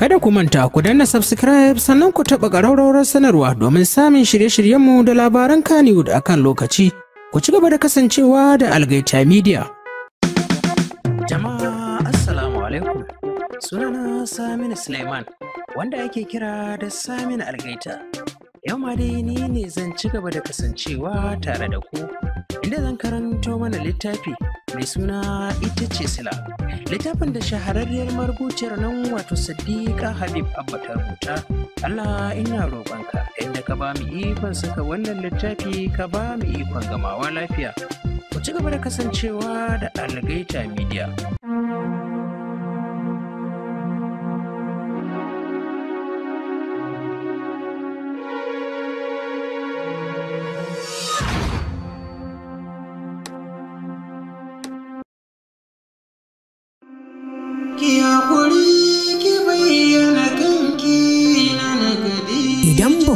Kada ku manta ku danna subscribe sannan ku taɓa garaurauran sanarwa domin samun shirye-shiryenmu da labaran Kannywood akan lokaci. Ku ci gaba da kasancewa da Algaita Media. Jama'a Assalamu alaikum. Sunana Saminu Suleiman wanda ake kira da Saminu Algaita. Yau ma dai ni ne zan ci gaba da kasancewa tare da ku inda zan karanto mana littafi mai suna ita ce sila littafin da shahararriyar marubuciyar nan wato sadiqa habib abba ta rubuta allah ina roƙonka inda ka ba mu ikon saka wannan littafi ka ba mu ikon gamawa lafiya ku ci gaba da kasancewa da algaita media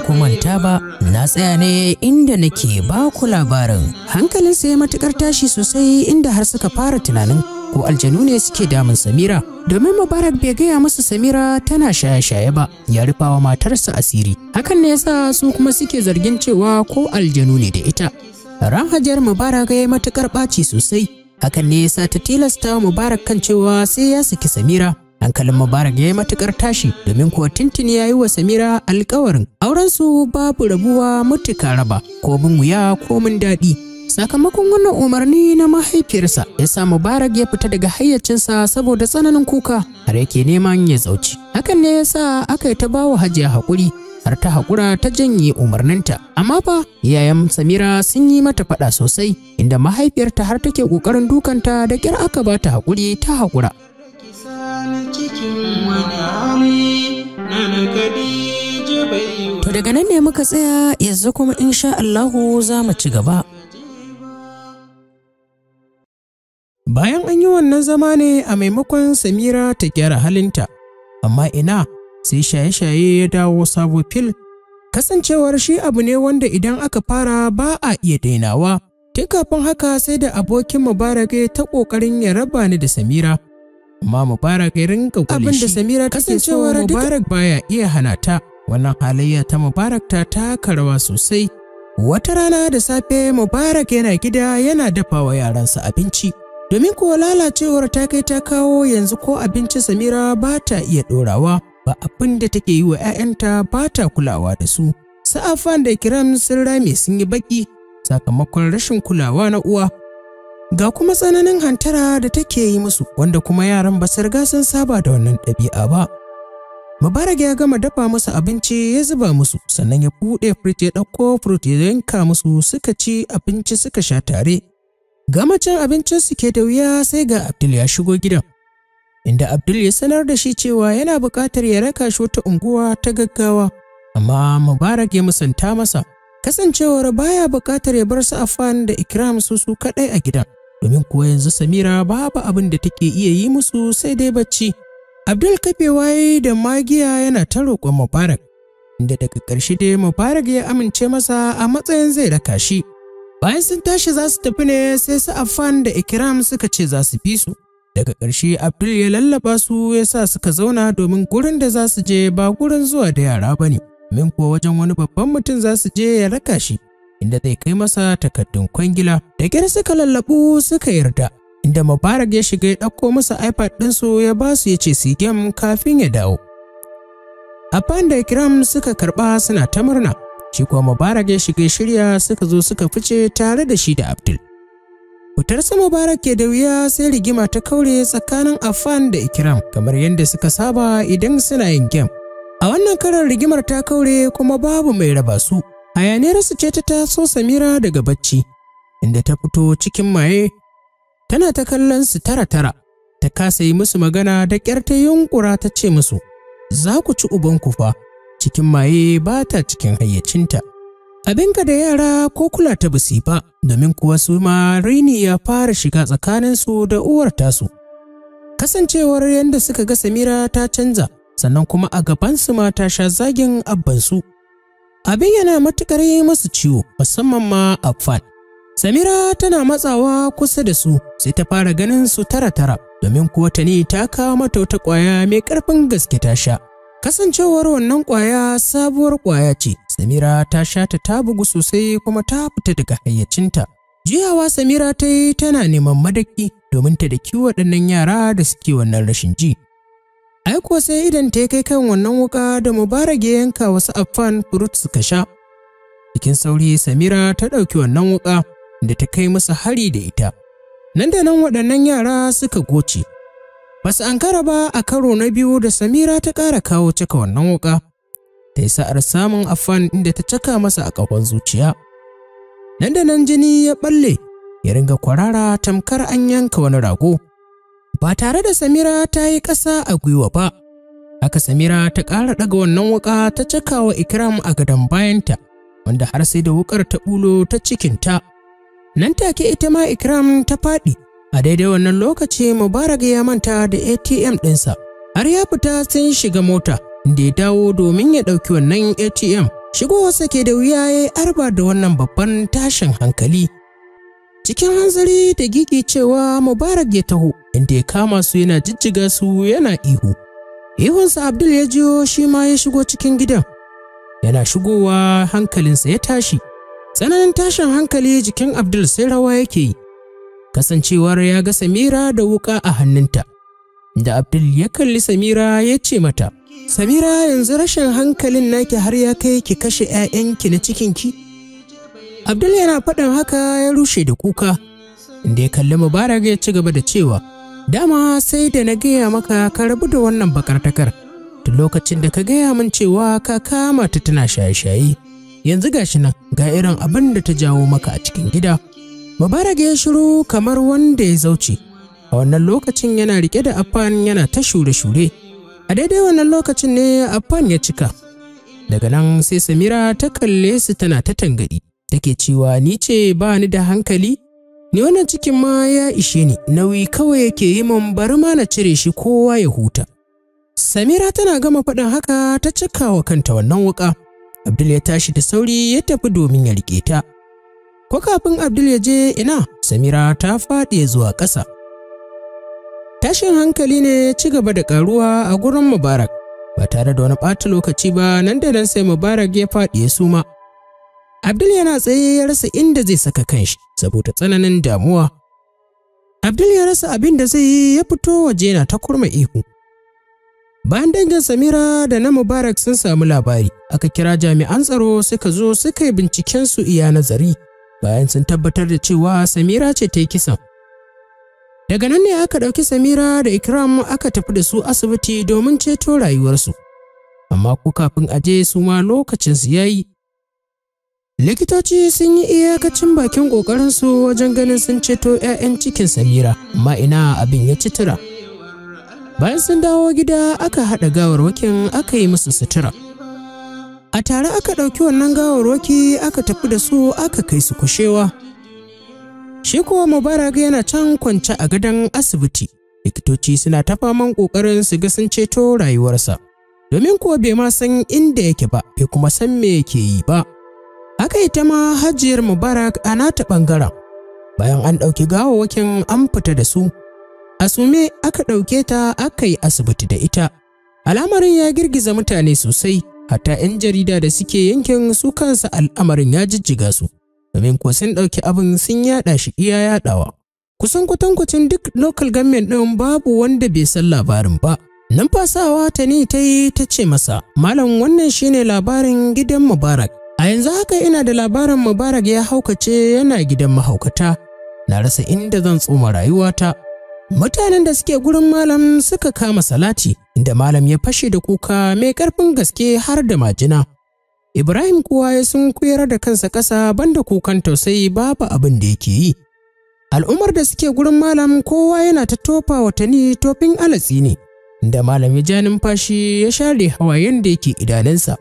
ku manta ba na tsaya ne inda nake ba ku labarin hankalin sai matukar tashi sosai inda har suka fara tunanin ko aljanu ne suke damun Samira domin Mubarak bai gaya musu Samira tana shaye-shaye ba ya wa matarsa asiri hakan ne yasa su kuma suke zargin cewa ko aljanu ne da ita ran Hajar Mubarak ya matukar ɓaci sosai hakan ne yasa ta tilasta Mubarak kan cewa sai ya saki Samira hankalin mubarak ya yi matukar tashi domin kuwa tintini ya yi wa samira alkawarin aurensu babu rabuwa mutuka raba ko bin wuya ko min daɗi sakamakon wannan umarni na mahaifiyarsa ya sa mubarak ya fita daga hayyacinsa saboda tsananin kuka har yake neman ya zauci. hakan ne ya sa aka yi ta bawa hajiya haƙuri har ta haƙura ta janye umarninta amma fa iyayen samira sun yi mata faɗa sosai inda mahaifiyarta har take ƙoƙarin dukanta da ƙyar aka ba ta haƙuri ta haƙura daga nan ne muka tsaya yanzu kuma insha Allahu za mu ci gaba. Bayan an yi wannan zama ne a maimakon Samira ta gyara halinta, amma ina sai shaye-shaye ya dawo sabo fil. Kasancewar shi abu ne wanda idan aka fara ba a iya dainawa. Tun kafin haka sai da abokin Mubarak ta ƙoƙarin ya raba ni da Samira. Amma Mubarak ya rinka kule shi. Abin da Samira take so Mubarak baya iya hana ta. Wannan halayya ta Mubarak ta taka rawa sosai. Wata rana da safe Mubarak yana gida yana dafa wa yaransa abinci. Domin kuwa lalacewar ta kai ta kawo yanzu ko abinci Samira ba ta iya ɗorawa, ba abin da take yi wa 'ya'yanta ba ta kulawa da su. Sa'afan da kiran sun rame sun yi baki sakamakon rashin kulawa na uwa. Ga kuma tsananin hantara da take yi musu wanda kuma yaran ba su sun saba da wannan ɗabi'a ba. Mubarak ya gama dafa musu abinci ya zuba musu sannan ya buɗe frit ya ɗauko frit ya yanka musu suka ci abinci suka sha tare. Gama cin abincin su ke da wuya sai ga Abdul ya shigo gidan. Inda Abdul ya sanar da shi cewa yana buƙatar ya raka shi wata unguwa ta gaggawa. Amma Mubarak ya musanta masa kasancewar baya buƙatar ya bar su Afan da Ikram su su kaɗai a gidan. Domin kuwa yanzu Samira babu abin da take iya yi musu sai dai bacci. Abdul kafe waye da magiya yana ta roƙon Mubarak, inda daga ƙarshe dai Mubarak ya amince masa a matsayin zai raka shi. Bayan sun tashi za su tafi ne sai su Afan da Ikram suka ce za su fi su. Daga ƙarshe Abdul ya lallaba su ya sa suka zauna domin gurin da za su je ba gurin zuwa da yara ba ne, min kuwa wajen wani babban mutum za su je ya raka shi, inda zai kai masa takardun kwangila. Da gyar suka lallabu suka yarda, inda Mubarak ya shiga ya ɗauko musu iPad su ya ba su ya ce su game kafin ya dawo. Afan da Ikram suka karɓa suna ta murna, shi kuwa Mubarak ya shiga shirya suka zo suka fice tare da shi da Abdul. sa Mubarak ke da wuya sai rigima ta kaure tsakanin Afan da Ikram kamar yadda suka saba idan suna yin game. A wannan karar rigimar ta kaure kuma babu mai raba su. su ce ta taso Samira daga bacci, inda ta fito cikin maye tana ta kallon su tara-tara ta kasa yi musu magana da ƙyar ta yunƙura ta ce musu za ku ci ubanku fa cikin maye ba ta cikin hayyacinta abinka da yara ko kula ta busi ba domin kuwa su ma raini ya fara shiga tsakanin su da uwar tasu kasancewar yadda suka ga samira ta canza sannan kuma a gaban su ma ta sha zagin abbansu abin yana matuƙar yi musu ciwo musamman ma afan Samira tana matsawa kusa da su sai ta fara ganin su tara-tara domin kuwa ta ne ta kawo mata wata ƙwaya mai ƙarfin gaske ta sha. Kasancewar wannan ƙwaya sabuwar ƙwaya ce, Samira ta sha ta ta bugu sosai kuma ta fita daga hayyacinta. Jiyawa Samira ta yi tana neman madaki domin ta daki waɗannan yara da suke wannan rashin ji. Ai kuwa sai idan ta kai kan wannan wuƙa da mubarage yanka wasu affan furut suka sha. Cikin sauri Samira ta ɗauki wannan wuƙa da ta kai masa hari da ita. Nan da nan waɗannan yara suka goce. Basu su an ba a karo na biyu da Samira ta ƙara kawo cika wannan wuƙa. Ta yi sa'ar samun afan inda ta caka masa a ƙafan zuciya. Nan da nan jini ya ɓalle, ya ringa kwarara tamkar an yanka wani rago. Ba tare da Samira ta yi ƙasa a gwiwa ba. Haka Samira ta ƙara ɗaga wannan wuƙa ta cakawa Ikram a gadon bayanta, wanda har sai da wuƙar ta ɓulo ta cikinta. nan take ita ma ikram ta faɗi a daidai wannan lokaci mubarak ya manta da atm ɗinsa har ya fita sun shiga mota da ya dawo domin ya ɗauki wannan atm shigowarsa ke da wuya ya arba da wannan babban tashin hankali cikin hanzari da gigi cewa mubarak ya taho inda ya kama su yana jijjiga su yana ihu ihunsa abdul ya jiyo shi ma ya shigo cikin gidan yana shigowa hankalinsa ya tashi Tsananin tashin hankali jikin Abdul sai rawa yake yi, kasancewar ya ga Samira da wuƙa a hannunta. Da Abdul ya kalli Samira ya ce mata, Samira yanzu rashin hankalin naki har ya kai ki kashe 'ya'yanki na cikinki? Abdul yana faɗin haka ya rushe da kuka, inda ya kalli Mubarak ya ci gaba da cewa, Dama sai da na gaya maka ka rabu da wannan bakartakar, tun lokacin da ka gaya min cewa ka kama ta tana shaye-shaye. yanzu gashi nan ga irin abin da ta jawo maka a cikin gida mubarak ya shiru kamar wanda ya zauce a wannan lokacin yana rike da afan yana ta shure-shure a daidai wannan lokacin ne afan ya cika daga nan sai samira ta kalle su tana ta tangadi take cewa ni ce ba ni da hankali ni wannan cikin ma ya ishe ni nauyi kawai yake yi man bari ma na cire shi kowa ya huta samira tana gama faɗin haka ta cika wa kanta wannan wuƙa Abdul ya tashi da sauri ya tafi domin ya rike ta. Ko kafin Abdul ya je ina, Samira ta faɗi zuwa ƙasa. Tashin hankali ne ya ci gaba da ƙaruwa a gurin Mubarak. Ba tare da wani ɓata lokaci ba nan da nan sai Mubarak ya faɗi ya suma. Abdul yana tsaye ya rasa inda zai saka kanshi saboda tsananin damuwa. Abdul ya rasa abin da zai yi ya fito waje yana ta kurma ihu. Bayan dangin Samira da na Mubarak sun samu labari, aka kira jami'an tsaro suka zo suka yi binciken su iya nazari bayan sun tabbatar da cewa Samira ce ta yi kisan. Daga nan ne aka ɗauki Samira da Ikram aka tafi da su asibiti domin ceto rayuwarsu. Amma ko kafin a je su ma lokacin su yayi. Likitoci sun yi iyakacin bakin ƙoƙarinsu wajen ganin sun ceto 'ya'yan cikin Samira, amma ina abin ya ci tura. bayan sun dawo gida aka haɗa gawarwakin aka yi musu sutura a tare aka ɗauki wannan gawarwaki aka tafi da su aka kai su kushewa shi kuwa mubarak yana can kwance a gadon asibiti likitoci suna ta faman ƙoƙarin su ga sun ceto rayuwarsa domin kuwa bai ma san inda yake ba bai kuma san me yake yi ba Aka yi ta ma hajiyar mubarak a nata ɓangaren bayan an ɗauki gawawakin an fita da su a aka ɗauke ta aka yi asibiti da ita al'amarin ya girgiza mutane sosai hatta 'yan jarida da suke yankin su kansa al'amarin ya jijjiga su domin kuwa sun ɗauki abin sun yaɗa shi iya yaɗawa kusan kwatankwacin duk local government din babu wanda bai san labarin ba numfasawa ta ne ta yi ta ce masa malam wannan shine labarin gidan mubarak a yanzu haka ina da labarin mubarak ya haukace yana gidan mahaukata na rasa inda zan tsoma rayuwata mutanen da suke gurin malam suka kama salati inda malam ya fashe da kuka mai ƙarfin gaske har da majina ibrahim kuwa ya sun kuyar da kansa ƙasa banda kukan tausayi babu abin da yake yi al'ummar da suke gurin malam kowa yana ta tofa watanni tofin alatsi ne da malam ya ja numfashi ya share hawayen da yake idanunsa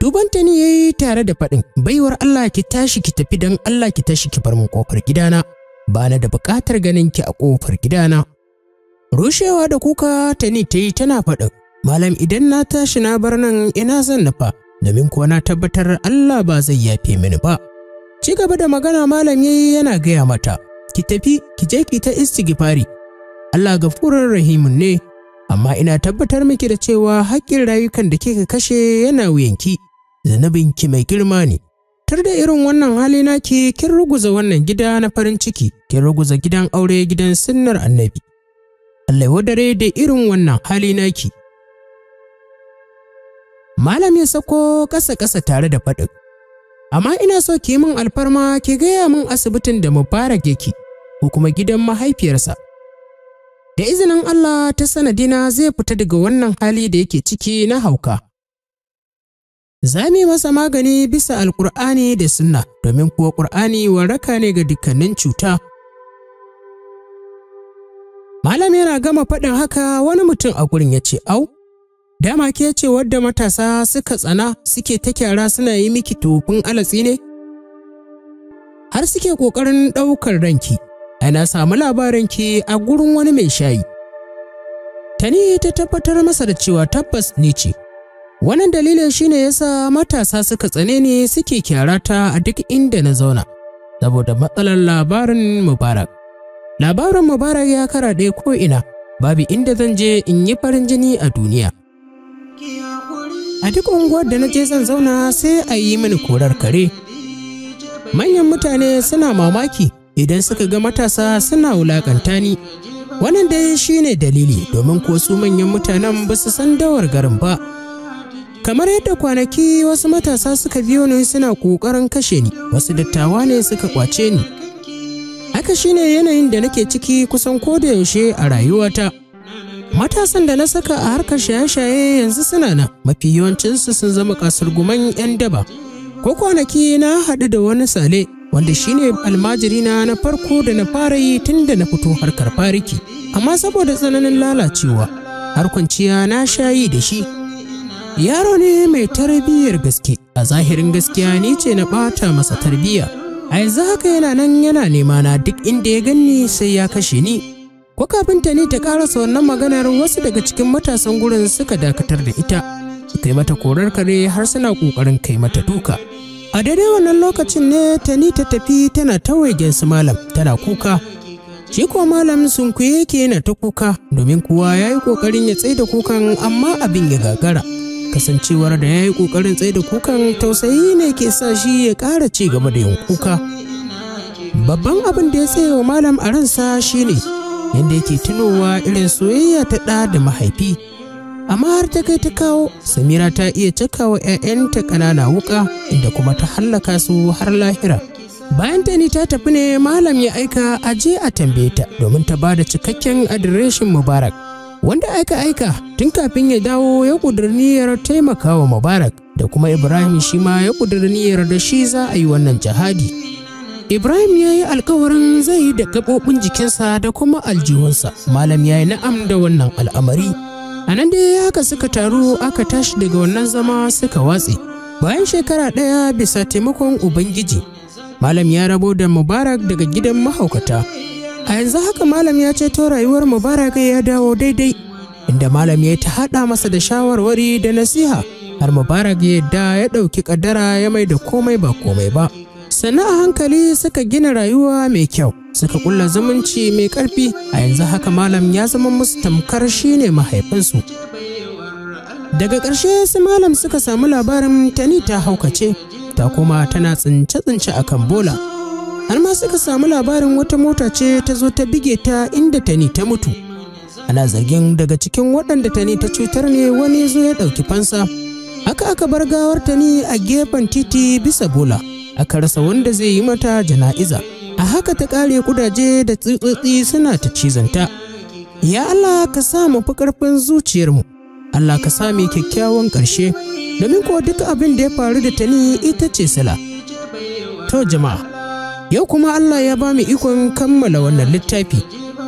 dubanta ne yayi tare da faɗin baiwar Allah ki tashi ki tafi don Allah ki tashi ki bar min kofar gidana bana da buƙatar ganin ki a kofar gidana Rushewa da kuka ta ni ta yi tana faɗin, Malam idan na tashi na bar nan ina zan nufa, domin kuwa na tabbatar Allah ba zai yafe mini ba. Ci gaba da magana malam yayi yana gaya mata, ki tafi ki je ki ta istighfari. Allah gafurar rahimun ne, amma ina tabbatar miki da cewa haƙƙin rayukan da kika kashe yana wuyanki, ki mai girma ne. Tar da irin wannan hali naki kin ruguza wannan gida na farin ciki, kin ruguza gidan aure gidan sunnar annabi. Allah dare da irin wannan hali naki. Malam ya sako kasa-kasa tare da faɗin. Amma ina so ki min alfarma ki gaya min asibitin da Mubarak yake ko kuma gidan mahaifiyarsa. Da izinin Allah ta sanadina zai fita daga wannan hali da yake ciki na hauka. Za mu masa magani bisa alƙur'ani da sunna domin kuwa ƙur'ani waraka ne ga dukkanin cuta Malam yana gama faɗin haka wani mutum a gurin ya ce, Au, dama ke ce wadda matasa suka tsana suke ta kyara suna yi miki tofin alatsi ne? Har suke ƙoƙarin ɗaukar ranki, ana samu labaranki a gurin wani mai shayi. Tani ta tabbatar masa da cewa tabbas ni ce. Wannan dalilin shine yasa matasa suka tsane ne suke kyara ta a duk inda na zauna, saboda matsalar labarin Mubarak. Labarin Mubarak ya kara ko ko'ina, babu inda zan je in yi farin jini a duniya. A duk unguwar da na je zan zauna sai a yi mini korar kare. Manyan mutane suna mamaki idan suka ga matasa suna wulakanta ni. Wannan dai shi ne dalili domin ko su manyan mutanen ba su san dawar garin ba. Kamar yadda kwanaki wasu matasa suka biyo ni suna ƙoƙarin kashe ni, wasu dattawa ne suka kwace ni. haka shine yanayin da nake ciki kusan yaushe a rayuwata matasan da na saka a harkar shaye-shaye yanzu suna na mafi yawancinsu sun zama kasar guman 'yan daba ko kwanaki na haɗu da wani sale wanda shine almajirina na farko da na fara yi tun da na fito harkar fariki amma saboda tsananin lalacewa har kwanciya na shayi da shi yaro ne mai tarbiyyar gaske a zahirin gaskiya ni ce na ɓata masa tarbiyya a yanzu haka yana nan yana nema na duk inda ya ganni sai ya kashe ni ko kafin ta ne ta karasa wannan maganar wasu daga cikin matasan gurin suka dakatar da ita suka yi mata korar kare har suna kokarin kai mata duka a dare wannan lokacin ne tani ta tafi tana tawaye gensu malam tana kuka shi kuwa malam sunkuye yake yana ta kuka domin kuwa ya yi kokarin ya tsaida kukan amma abin ya gagara kasancewar da ya yi ƙoƙarin tsaye da kukan tausayi ne ke sa shi ya ƙara ci gaba da yin kuka babban abin da ya tsaye wa malam a ransa shi ne, yadda yake tunowa irin soyayya ta ɗa da mahaifi amma har ta kai ta kawo samira ta iya cakawa 'ya'yanta ƙanana wuƙa inda kuma ta hallaka su har lahira bayan ta ni ta tafi ne malam ya aika a a tambaye ta domin ta ba da cikakken adireshin mubarak wanda aka aika tun kafin ya dawo ya kudura niyyar taimakawa mubarak da kuma ibrahim shi ma ya ƙudiri niyyar da shi za a yi wannan jihadi ibrahim ya yi alkawarin zai yi da gaɓoɓin jikinsa da kuma aljihunsa malam ya yi na'am da wannan al'amari a nan dai haka suka taru aka tashi daga wannan zama suka watse bayan shekara ɗaya bisa taimakon ubangiji malam ya rabo da mubarak daga gidan mahaukata a yanzu haka malam ya ceto rayuwar mubaraka ya dawo daidai inda malam ya ta haɗa masa da shawarwari da nasiha har mubarak ya da ya ɗauki ƙaddara ya mai da komai ba komai ba sannan a hankali suka gina rayuwa mai kyau suka kulla zumunci mai ƙarfi a yanzu haka malam ya zama musu tamkar shine mahaifinsu daga ƙarshe su malam suka samu labarin tani ta haukace ta kuma tana tsince-tsince akan bola har ma suka samu labarin wata mota ce ta zo ta bige ta inda tani ta mutu ana zargin daga cikin waɗanda tani ta cutar ne wani zo ya ɗauki fansa aka aka bar gawar tani a gefen titi bisa bola aka rasa wanda zai yi mata jana'iza a haka ta ƙare kudaje da tsutsotsi suna ta cizanta ya Allah ka sa mu fi ƙarfin mu Allah ka sa mu kyakkyawan ƙarshe domin ko duka abin da ya faru da tani ita ce sala to jama'a Yau kuma Allah ya ba mu ikon kammala wannan littafi,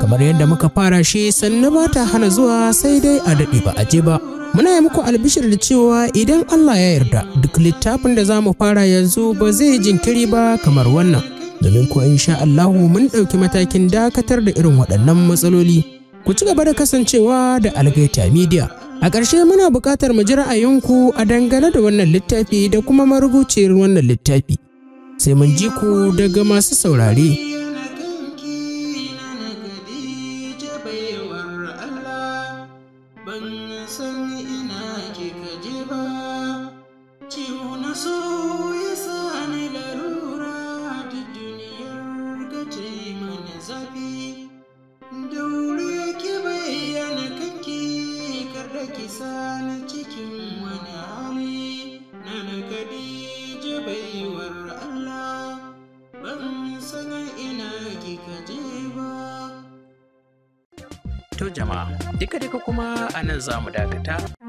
kamar yadda muka fara shi sannu ba ta hana zuwa sai dai a daɗe ba a je ba. Muna yi muku albishir da cewa idan Allah ya yarda duk littafin da za mu fara yanzu ba zai jinkiri ba kamar wannan. Domin kuwa insha Allahu mun ɗauki matakin dakatar da irin waɗannan matsaloli. Ku ci gaba da kasancewa da Algaita Media. A ƙarshe muna buƙatar mu ji ra'ayinku a dangane da wannan littafi da kuma marubuciyar wannan littafi. sai mun ji ku daga masu saurare. jama'a. dika dika kuma a nan za mu dakata.